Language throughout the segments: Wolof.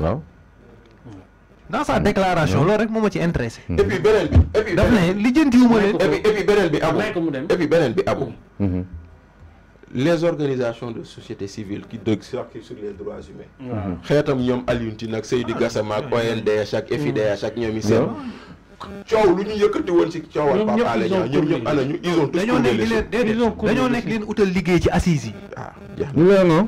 waaw. dans sa déclaration loolu rek moo ma ci intéressé. Hmm. et puis beneen bi. et puis daf ne ma leen. et puis et puis beneen bi abu et puis beneen bi abu. Hmm. les organisations de société civile qui dëgg sur les droits humains. Hmm. xeetam ñoom aliunti Tine ak Seydi Gassama ak ONDH ak FIDH ak ñoom i seen. coow lu ñu yëkkati woon si coowal Papa Alé Niang ñoom ñëpp ana ñu ils ont tous dañoo nekk leen déedéet dañoo nekk leen utal liggéey ci assises yi. ah jeex na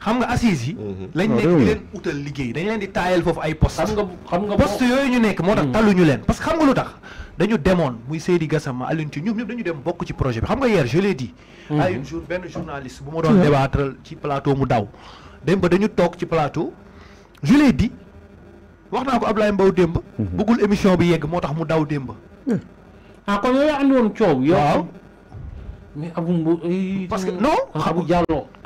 xam nga assises yi. Mhm. lañ nekk di leen utal liggéey dañ leen di taayal foofu ay poste xam nga xam nga poste yooyu ñu nekk moo tax mhm. taluñu leen parce que xam nga lu tax dañu demoon muy Seydi Gassama Alioune Tine ñoom ñëpp dañu bokk ci projet bi xam nga hier je mhm. ay une jour benn journaliste bu ma doon débattre ci plateau mu daw. dem ba dañu toog ci plateau je l'ai wax naa ko Ablaye Mbow démb. bëggul émission bi yegg moo tax mu daw démb. ah kon yow yaa andi woon coow. waaw mais Abou Mbow. Eh, parce que non Abou Diallo.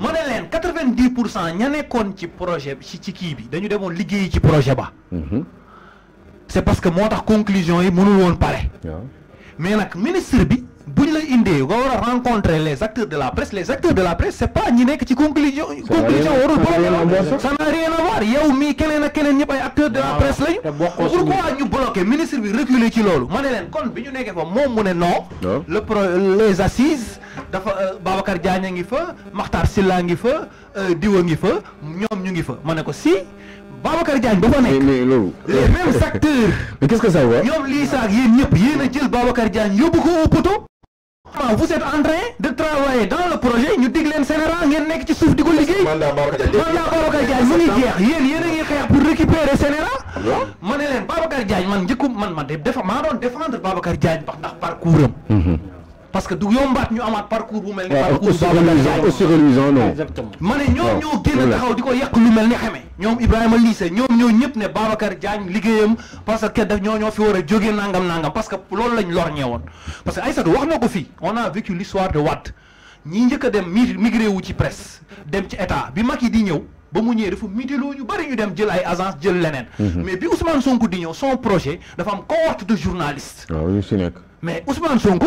mu 90% n'y quatre ci projet ci ci ki bi dañu démon liggéey ci projet ba. Mhm. C'est parce que motax ta conclusion yi mënu won pare. mais nak ministre bi buñ ñu la indee nga rencontrer les acteurs de la presse les acteurs de la presse c'est pas ñi nekk ci conclusion. conclusion warul ça n'a rien à voir yow mi keneen ak keneen pas ay acteurs de la presse lañu. pourquoi ñu bloquer. ministre bi reculer ci lolu ma ne kon biñu ñu fa mu né non. le les assises dafa euh, Babacar Diagne a ngi fa Makhtar Silla ngi fa euh, Diwa ngi fa ñoom ñu ngi fa ma ko si Babacar Diagne ba fa nekk mais les mêmes acteurs mais qu'est-ce que ça veut ñoom lii saak yéen ñëpp yéen a jël Babacar Diagne yóbbu ko au poteau vous êtes en train de travailler dans le projet ñu dig leen Sénéral ngeen nekk ci suuf di ko liggéey mandat Babacar Diagne mu ngi jeex yéen yéen ngi xeex pour récupérer Sénéral ma ne leen Babacar Diagne man njëkkum man man de maa doon défendre Babacar Diagne ndax parcours am mhm parce que du yombaat ñu amaat parcours bu mel parcours aussi reluisant exactement ma ne ñoom ñoo génn taxaw di ko lu mel ni xamee Ibrahima Lissé ñom ñoo ñëpp ne Babacar Diagne liggéeyam parce que daf ñoo ñoo fi wara a nangam nangam parce que loolu lañ lor ñeewoon parce que Aïssatou wax na ko on a vécu l'histoire de Wade ñi ñëk dem migré wu ci presse dem ci état bi mag di ñëw ba mu ñëw dafa mutiloo ñu bari ñu dem jël ay agence jël leneen mhm. mais bi Ousmane Sonko di ñëw son projet dafa am cohorte de journalistes ah, mais Ousmane Sonko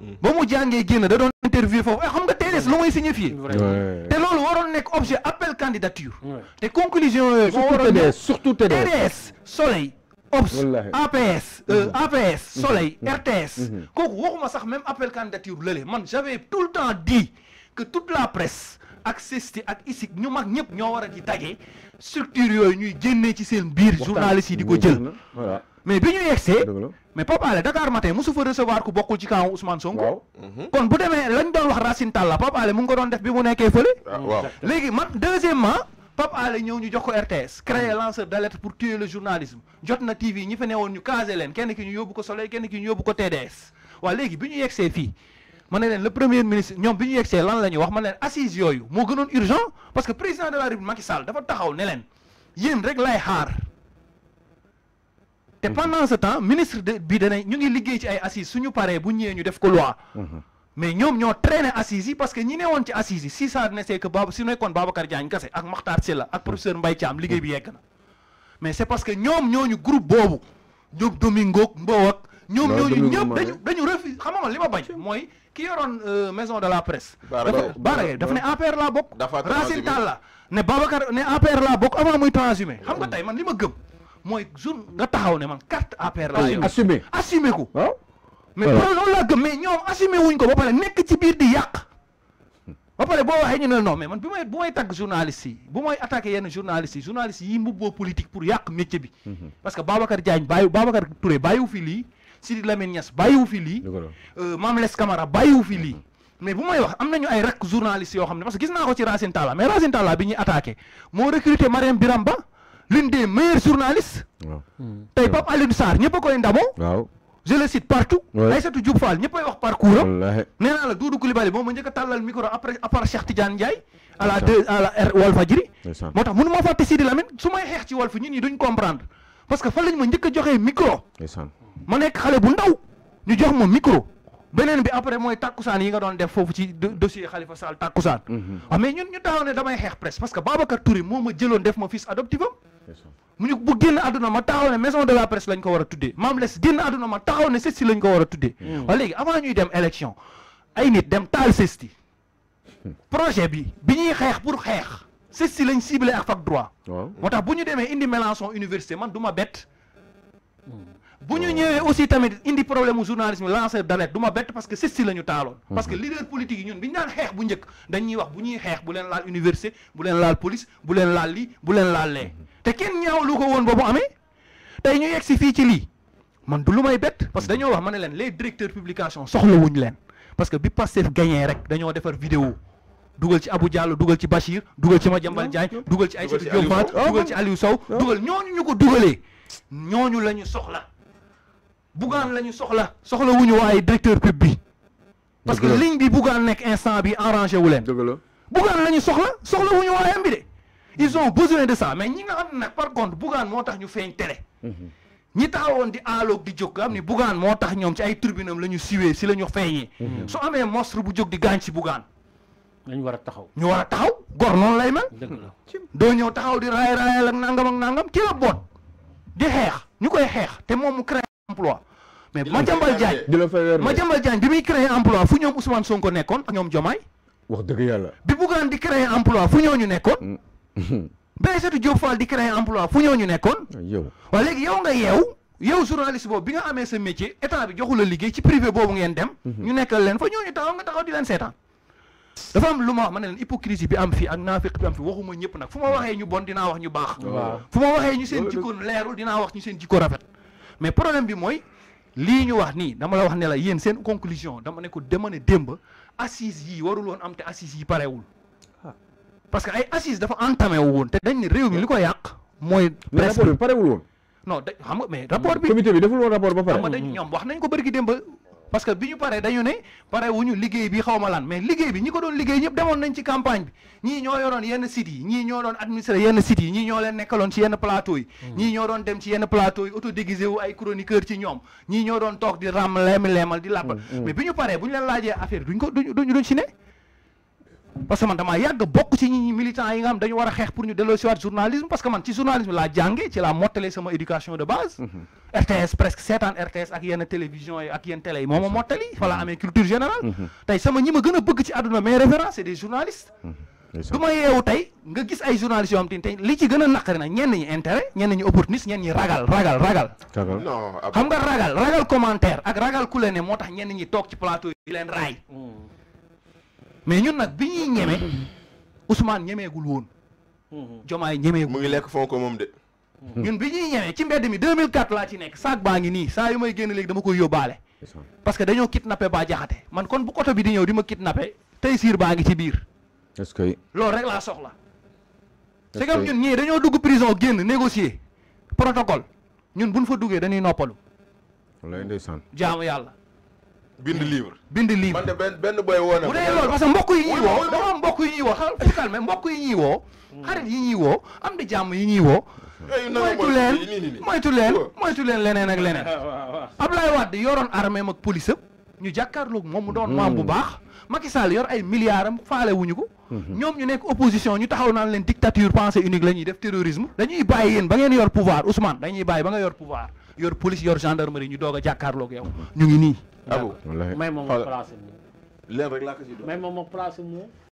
Mm. ba mu jàngee génn da doon interview foofu eh, xam nga TDS lu muy signifier té lolu waroon nek objet appel candidature. té conclusion yooyu. moo surtout TDS TDS Soleil. OPS APS euh, mm-hmm. APS mm-hmm. Soleil mm-hmm. RTS. kooku waxuma sax même appel candidature lele man j'avais tout le temps dit que toute la presse ak CESTI ak isik ñu mag ñep ñoo war a di daje structure yooyu ñuy génnee ci seen biir journaliste yi di ko jël. mais bi ñu yegsee mais Pape Alé Dakar matin mosu fa recevoir ku bokkul ci camp Ousmane Sonko mhm. kon bu demee lañ doon wax Racine Talla Pape Alé mu ngi ko doon def bi mu nekkee fële ah, léegi man deuxièmement Pape ñëw ñu jox ko RTS créer mhm. lanceur d'alerte pour tuer le journalisme jot na TV ñi fa newoon ñu casé leen kenn ki ñu yóbbu ko Soleil kenn ki ñu yóbbu ko TDS waa léegi bi ñu yegsee fii ma ne leen le premier ministre ñoom bi ñu yegsee lan la ñu wax ma ne leen assise yooyu moo gënoon urgent parce que président de taxaw ne leen yéen rek lay xaar te pendant ce temps ministre bi dana ñu ngi liggéey ci ay assises suñu paree bu ñëwee ñu def ko loi. Mhm. mais ñoom ñoo traîné assises yi parce que ñi ne woon ci assises yi si ça ne c'est que Baba si nekkoon Babacar Diagne kese ak Makhtar Sylla ak professeur Mbaye Thiam liggéey bi yegg na mais c'est parce que ñoom ñooñu groupe boobu ñoom Domingo Mbow ak. ñoom ñooñu ñëpp dañu dañu refus xam nga li ma bañ mooy ki yoroon euh, maison de la presse. dafa Baara dafa ne APR laa bokk. dafa Racine Talla ne Babacar ne APR laa bokk avant xam nga mm. tey man li ma gëm. mooy jour nga taxaw ne man carte APR laa yor assumé assumé ko waaw ah. mais loolu laa gëm mais ñoom assumé wuñ ko ba pare nekk ci biir di yàq ba pare boo waxee ñu ne non mais bi may bu may tagg journaliste yi bu may attaqué yenn journaliste yi journaliste mbubboo politique pour yàq métier bi mhm. parce que Babacar Diagne bàyyi Babacar Touré bàyyiwu fi lii Sidi Lamine Niass bàyyiwu fi lii euh, Mame Less Camara bàyyiwu fi lii mhm. mais bu may wax am nañu ay rak journaliste yoo xam ne parce que gis naa ko ci Racine Talla mais Racine bi ñuy attaqué l'une des meilleures journalistes. tey hmm. Pape Alioune Sarr ñëpp a koy ndamoo. waaw je le cite partout. Aïssatou Diop Fall ñëpp a wax parcours am. wallaahi nee la Doudou Coulibaly moom ma njëkka tàllal micro après à part Cheikh Tidiane a à la deux à la Walfadjri. moo tax mënu ma fàtte Sidi Lamine su may xeex ci Walf ñun nii duñ comprendre parce que fan lañ ma njëkk a joxee micro. ma nekk xale bu ndaw ñu jox ma micro. beneen bi après mooy tàkkusaan yi nga doon def foofu ci dossier Khalifa Sall tàkkusaan waaw mhm. ah, mais ñu taxaw ne damay xeex presse parce que Babacar Touré moo ma jëloon def ma fils adoptif mu ñu génn àdduna ma taxaw ne maison de la presse lañ ko war a tuddee maam les génn àdduna ma taxaw ne CESTI lañ ko war a tuddee mhm. waaye léegi avant ñuy dem élection ay nit dem taal CESTI hmm. projet bi bi ñuy xeex pour xeex CESTI lañ ciblé ak fac droit moo tax bu ñu demee indi Mélenchon man du ma bett hmm. bu ñu ñëwee aussi tamit indi problème mu journalisme lanceur d'alerte du ma bett parce que sesti la ñu taaloon mhm. parce que leader politique yi ñun bi ñu daan xeex bu njëkk dañuy wax bu ñuy xeex bu leen laal université bu leen laal police bu leen laal lii bu leen laal lee mhm. te kenn ñaaw lu ko woon boobu amee tey ñu yegg si fii ci lii man du lu may bett parce que dañoo wax ma ne leen les directeurs publication soxlawuñ leen parce que bi Pastef gagné rek dañoo defar vidéo dugal ci Abou Diallo dugal ci Bachir dugal ci Madiambal Diagne dugal ci Aïssatou Diop Fall dugal ci Aliou Sow dugal ñooñu ñu la ñu soxla bugan lañu soxla soxla wuñu way directeur pub bi parce que ligne bi bugan nek instant bi arranger wulen leen bougaan la ñu soxla soxla wuñu way am bi de ils ont besoin de ça mais ñi nga xam nak par contre bugan motax ñu feñ télé mhm. ñi taxawoon di alok di jog am ni bugan motax ñom ci ay turbinam la ñu siwee si la ñu feeñee mhm. su monstre bu jog di gañ ci bugan ñu wara taxaw ñu wara taxaw gor non lay mel do ñew taxaw di ray ray ak nangam ak nangam ci la bot di xex ñukoy xex xeex te moom créé emploi mais Madiambal Diagne Madiambal Diagne bi muy créer emploi fu ñoom Ousmane Sonko nekkoon ak ñoom Diomaye wax dëgg yàlla bi di créer emploi fu ñooñu nekkoon mm. Aïssatou Diop Fall di créer emploi fu ñooñu nekkoon yow waaw léegi yow nga yeew yow journaliste boobu bi nga amee sa métier état bi joxu liggéey ci privé boobu ngeen dem mm-hmm. ñu nekkal leen fa ñooñu taxaw nga taxaw di leen seetaan dafa am lu ma hypocrisie bi am fi ak nafiq bi am fi waxuma ñepp nak fuma ñu bon dina wax ñu bax fuma ñu seen jikko leerul dina wax ñu seen jikko rafet mais problème bi moy li ñu wax ni dama la wax ne la yeen sen conclusion dama ne ko dama ne assise yi warul won am te assise yi parewul ah. parce que ay assise dafa entamé wu woon te dañ ne rew mi liko yaq moy mooy. bi parewul woon. non xam nga mais rapport bi comité bi deful won rapport ba pare. xam nga dañ ñoom wax nañ ko bëri ki démb parce que bi ñu paree dañu ne pare wuñu liggéey bi xaw ma lan mais liggéey bi ñi ko doon liggéey ñëpp demoon nañ ci campagne bi ñii ñoo yoroon yenn sites yi ñii ñoo doon administré yenn sites yi ñii ñoo leen nekkaloon ci yenn plateau yi mm. ñii ñoo doon dem ci yenn plateau yi auto ay chroniqueur ci ñoom ñii ñoo doon toog di ram leemi leemal di làppal mm, mm. mais bi ñu paree bu ñu leen laajee affaire duñ ko duñ ci ne parce que man damaa yàgg bokk ci ñi militants yi nga xam dañu war a xeex pour ñu delloo si waat journalisme parce que man ci journalisme laa jàngee ci laa mottalee sama éducation de base mhm. RTS presque seetaan RTS ak yenn télévision yi ak yenn télé yi moo ma mottali voilà mhm. amee culture générale mhm. tey sama ñi ma gën a bëgg ci àdduna mes références c'est des journalistes du ma yeewu tey nga gis ay journalistes yoo xam tey li ci gën a naqari na ñenn ñi intérêt ñen ñi opportuniste ñenn ñi ragal xam nga ragal ragal commentaire ak ku leen ne moo tax ñenn ñi toog ci plateau yi leen mais ñun nag bi ñuy ñeme Ousmane ñemeegul woon. Jomaay ñemeegul mu ngi lekk foo ko moom de. ñun bi ñuy ñeme ci mbedd mi 2004 laa ci nekk saak baa ngi nii saa yu may génn léegi dama koy yóbbaale. parce que dañoo kidnappé Bah Diakhaté man kon bu oto bi di ñëw di ma kidnappé tey siir baa ngi ci biir. est que. loolu rek laa soxla. est-ce ñun ñii dañoo dugg prison génn négocier protocole ñun buñ fa duggee dañuy noppalu. wallaahi ndeysaan jaamu yàlla. bind livre bind livre man de benn benn booy woo na bu dee loolu parce mbokk yi ñuy woo dama am mbokk mbokk yi woo mm. xarit yi ñuy woo am di jàmm yi ñuy woo eh, moytu leen moytu leen moytu leen leneen ak leneen Ablaye Wade yoroon armée ak police am ñu jàkkaarloog moom mu doon mm. maam bu baax Macky Sall yor ay milliards am faale wuñu ko mm-hmm. ñoom ñu nekk opposition ñu taxaw naan leen dictature pensée unique la ñuy def terrorisme dañuy bàyyi yéen ba ngeen yor pouvoir Ousmane dañuy bàyyi ba nga yor pouvoir yor police yor gendarmerie ñu doog a jàkkaarloog yow mm-hmm. ñu ngi nii abu may moom ma placé mu. leer rek laa ko ci doon may moom ma placé mu.